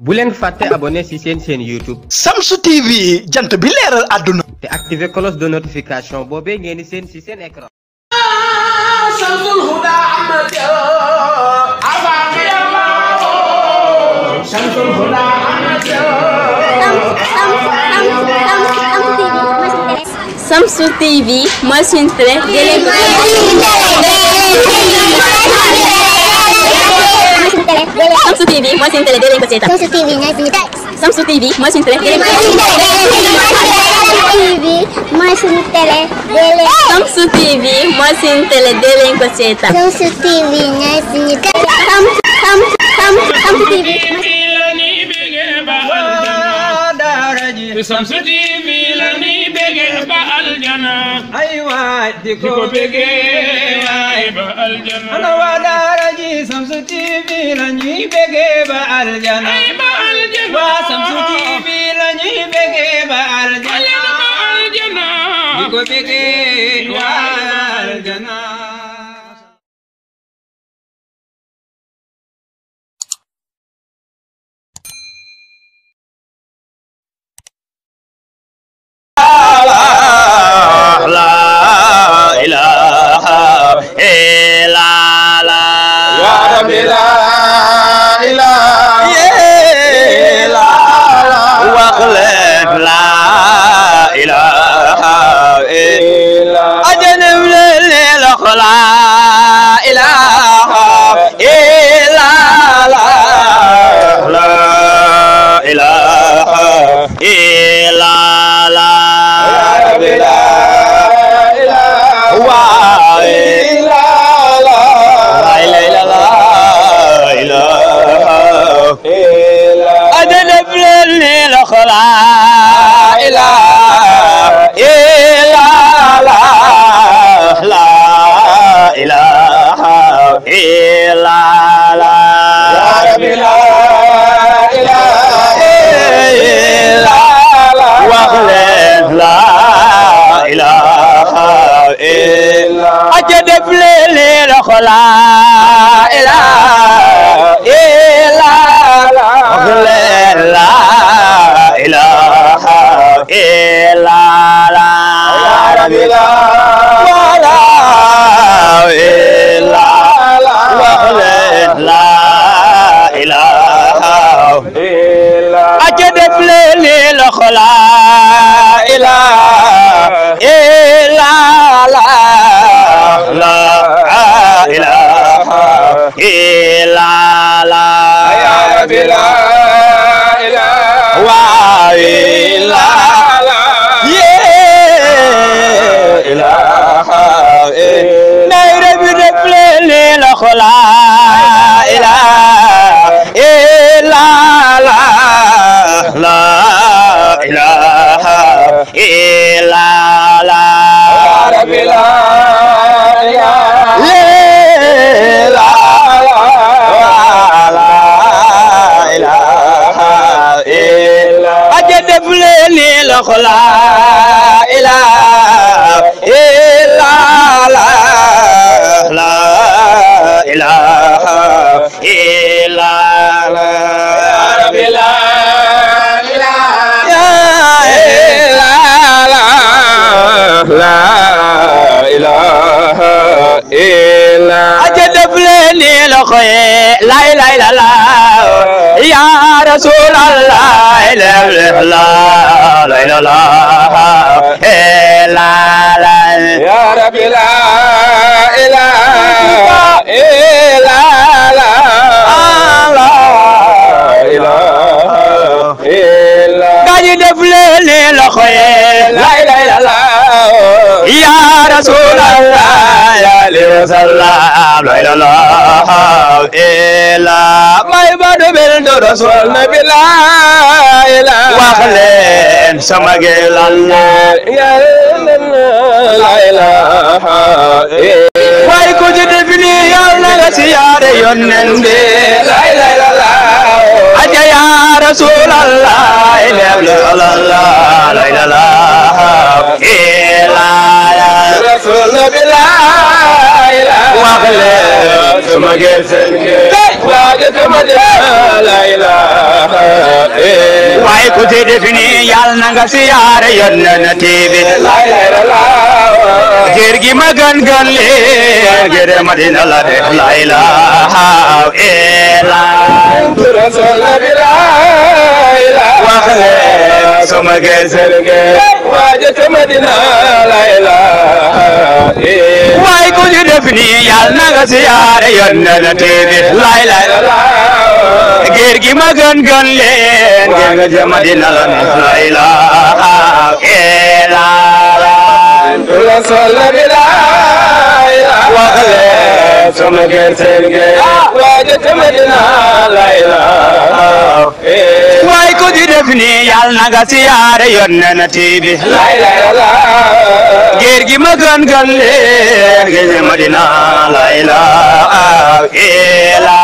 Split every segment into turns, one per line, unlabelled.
Boulen faté abonné si c'est une chaîne YouTube. Samsu TV, j'ai un peu aduna. Et activez la cloche de notification. Bobé, j'ai une chaîne si c'est écran. Samsu TV, moi je suis une très. Samsu TV, moi je suis une très. Samsung TV, mașintele de reîncățeta Samsung TV, mașintele Samsung TV, mașintele de reîncățeta Samsung TV, mașintele de reîncățeta Samsung TV, mașintele Samsu, Samsu, Samsu, TV TV, aljana ay waay di ko bëgge waay ba aljana ana waa daara ji Shamsu TV la ñuy bëgge ba aljana ay ba aljana waa Shamsu TV la ñuy bëgge ba aljana di ko bëgge waay La. la ni loxo la ilaha illa la ilaha illa la la ilaha illa la رسول الله لا لا لا لا لا لا يا ربي لا إله إلا لا لا إله إلا قاعد دفلي لخير لا إله إلا الله يا رسول الله وسلم لا إله إلا محمد بن رسول نبي لا إله وخلين سمجل الله لا إله إلا way ku ci defini yow na nga siyaare yónneen bi la ilaha illallah aja ya rasulallah la ilaha illallah la ilaha illallah wax leen sama gerte seen kër waaye sama gerte la ilaha waaye ku ci def nii yàlla na nga siyaare yoon na na tv jirgi magan galle gere madina la de la ilaha illa rasul la ilaha wa sama geserge waje madina la ilaha way ko ñu def ni yal na nga siyaare yonnana tebi la ilaha geer gi magan galle gere madina la ilaha وسلم waxale sama gerte seen gerte waaye tamit dinaa lay la waaye ku di def nii yàlla na yoon na na tiibi lay lay la gi ma gën gën leen géej ma dinaa lay la la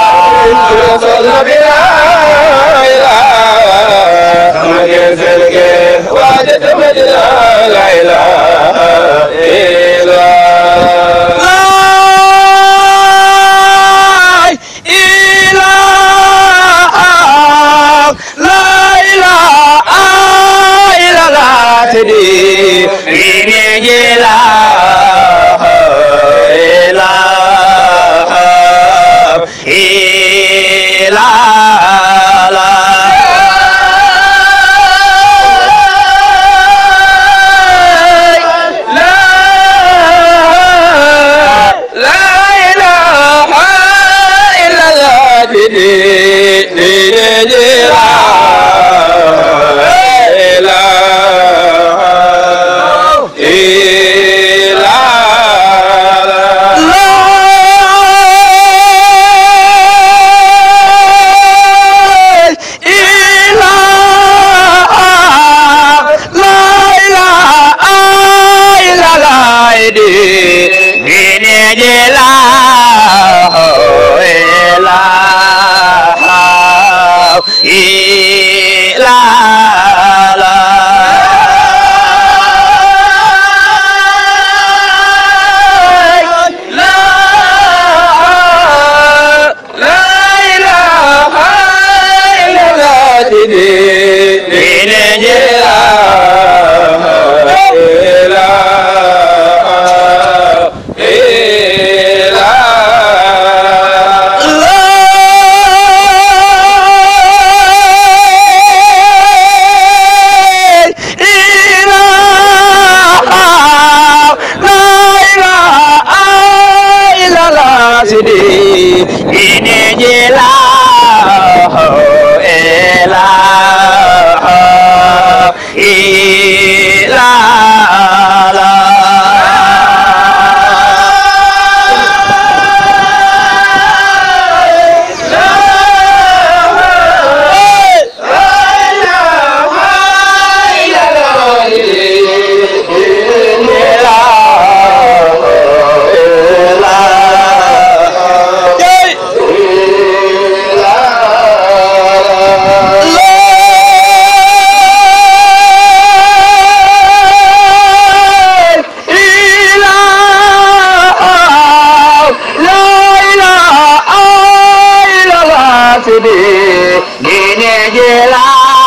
Gine gelat.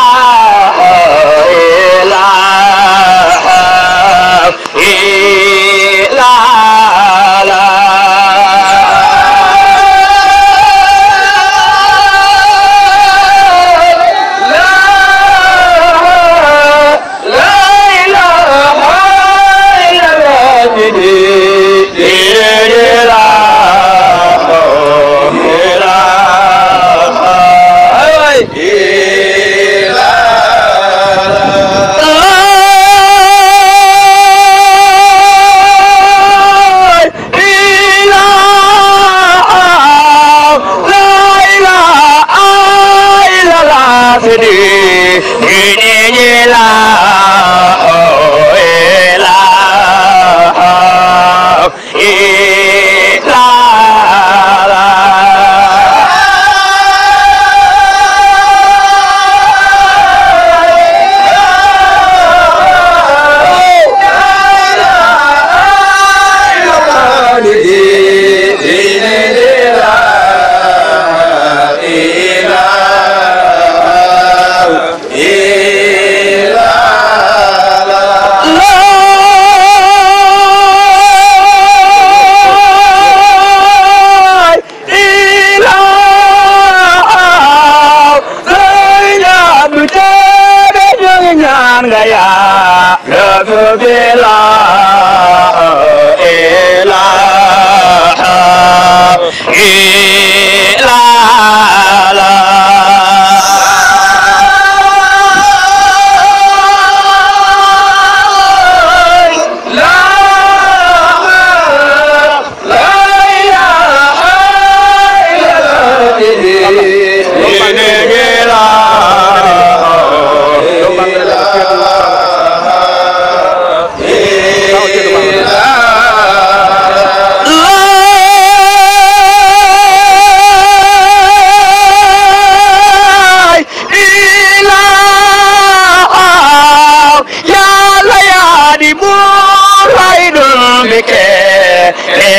Yeah!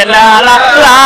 la la la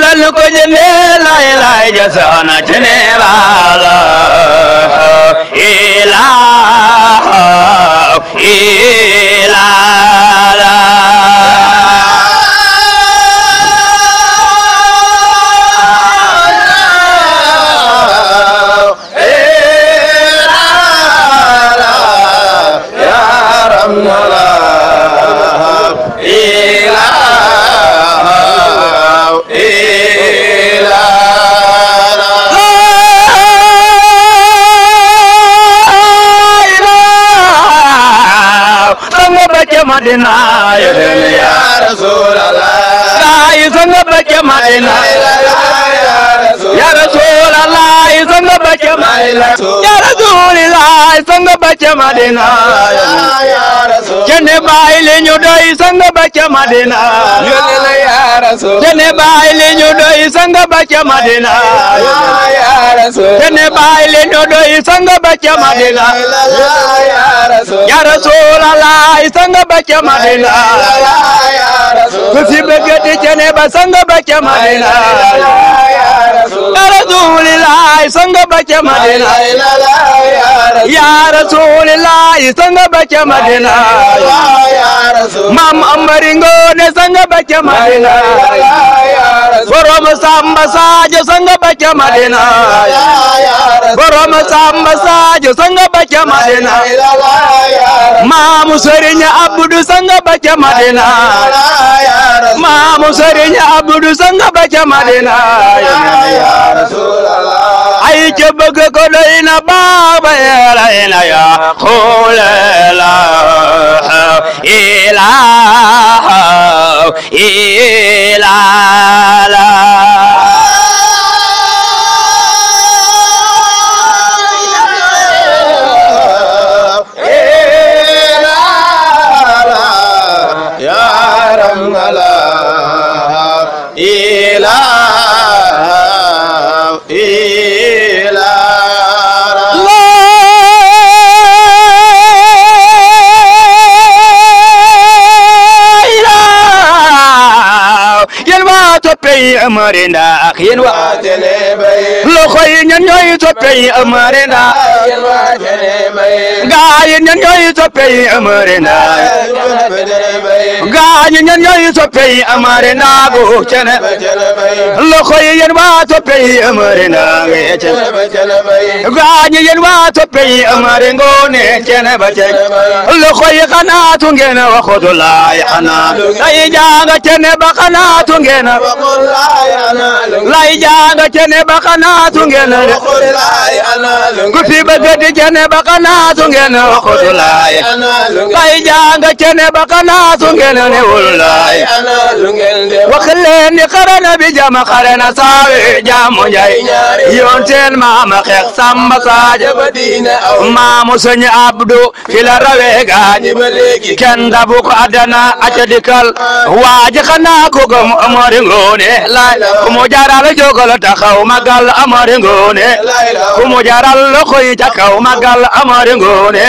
lan ko ñeme lay lay ja soona ci ne baala ilaaha madina ya rasulullah sayi sanga bacca madina ya rasul allah sanga bacca madina ya rasul allah sanga bacca madina ya rasul jene bay li ñu doy sanga bacca madina yone la ya rasul jene bay li ñu doy sanga bacca madina ya rasul jene bay li ñu doy sanga bacca madina ya rasul allah sanga bacca madina ku si bëgg ti jene ba sanga bacca madina rasulillahi sanga bace madina ya rasulillahi sanga bace madina mam ambaringo ne sanga bace madina borom samba sajo sanga bace madina borom samba sajo sanga bace madina mamu serigne abdu sanga bace madina mamu serigne abdu sanga bace madina ya rasulullah ay ca bëgg ko doy na baaba ray na ya xulela ilaa ilaa soppey amare ndax yéen waa télé yi ñan ñooy soppey amare ndax waa télé yi amare ndax gaa yi ñan ñooy soppey amare ndax go cene loxo yi yéen waa soppey amare ndax cene gaa yi yéen waa soppey amare ngoone cene ba cene ba xanaatu ngeen laay jaa nga kene ba xanaa tu ngeen la de. bëggati cene ba xanaa ngeen waxutu laay bay cene ba xanaa ngeen newul laay wax leen ni xarana bi jama xarana saawe jaamu njay yoon seen maama xeex samba saaja maamu sëñ abdu fi la rawee gaañi kenn dabu ko adana aca dikal waaji xanaa ko gëm amari ngoone laay mu jaral jogol taxaw magal amari ngoone mu jaral loxoy ca kaw magal amari ngoone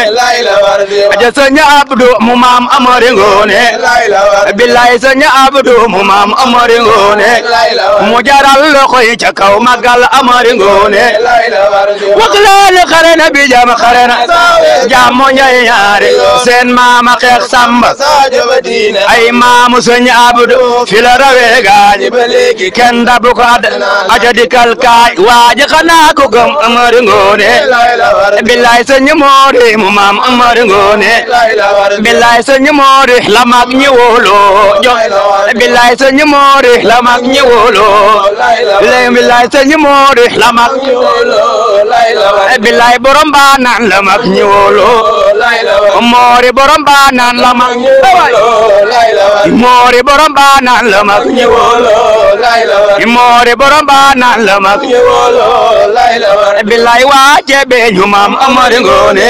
aja sëñ abdu mu maam amari ngoone billaay sëñ abdu mu maam amari ngoone mu jaral loxo ca kaw magal amari ngoone wax leen xare bi jam xare na jam mo ñay ñaare seen maama samba ay maamu sëñ abdu fi la kenn dabu ad aja dikal kaay waaji xanaa ko amari ngoone billaay sëñ Moori mu maam Amar Ngoone billaay sëñ Moori la mag ñi wóoloo billaay sëñ ñi Moori la ñi wóoloo billaay borom baa naan ñi wóoloo moori borom baa naan la mag i moori borom baa naan la moori borom baa naan la mag billaay waaje beeñu maam amari ngoone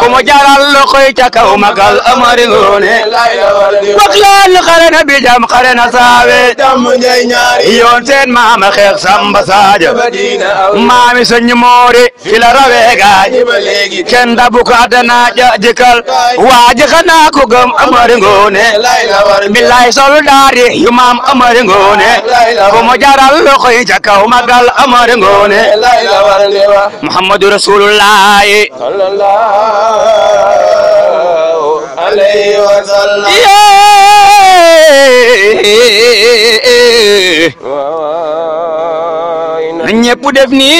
ku mu jaral loxoy ca kaw magal amari ngoone wax leen xare na bijam xare na saawe yoon seen maama xeex samba saaja maami soññi moori fi la kenn dabu jaajëkal waaje xanaa ko gëm Amari Ngoone billaay soldaar yi yu maam Amari Ngoone bu mu jaral loxo yi ca kaw Ngoone Muhammadu Rasulullah alayhi wa sallam def ni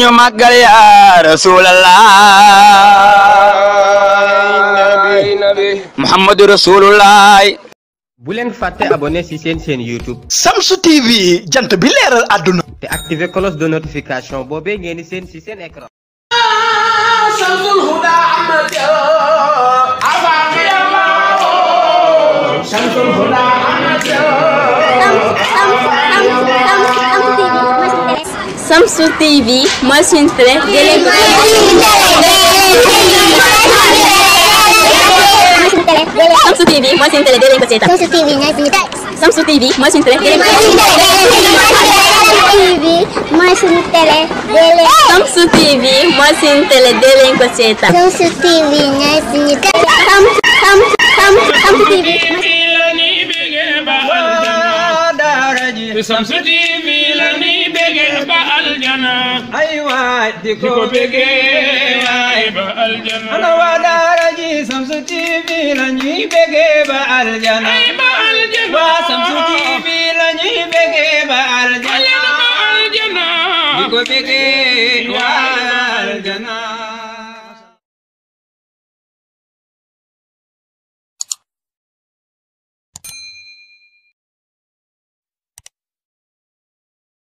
ñu magal ya Muhammadu Rasulullah bu leen fàtte abonné ci seen seen YouTube Samsung TV jant bi leeral àdduna te activer cloche de notification boobee ngeen di seen ci seen écran Shamsul huda ahmad afaqiya TV, huda TV, Shamsu TV mooy suñu télé Samsung TV, masin tele, dele ko cetak. TV, masin tele. Samsung TV, masin tele, dele Samsung TV, masin tele, dele ko cetak. TV, masin tele. Samsu, Samsung Samsu, Samsu TV. Samsu TV. hay di ko bégee waay ba aljana ana waa daara ji Shamsu TV la ñuy bégee ba aljana waa di ko bégee waay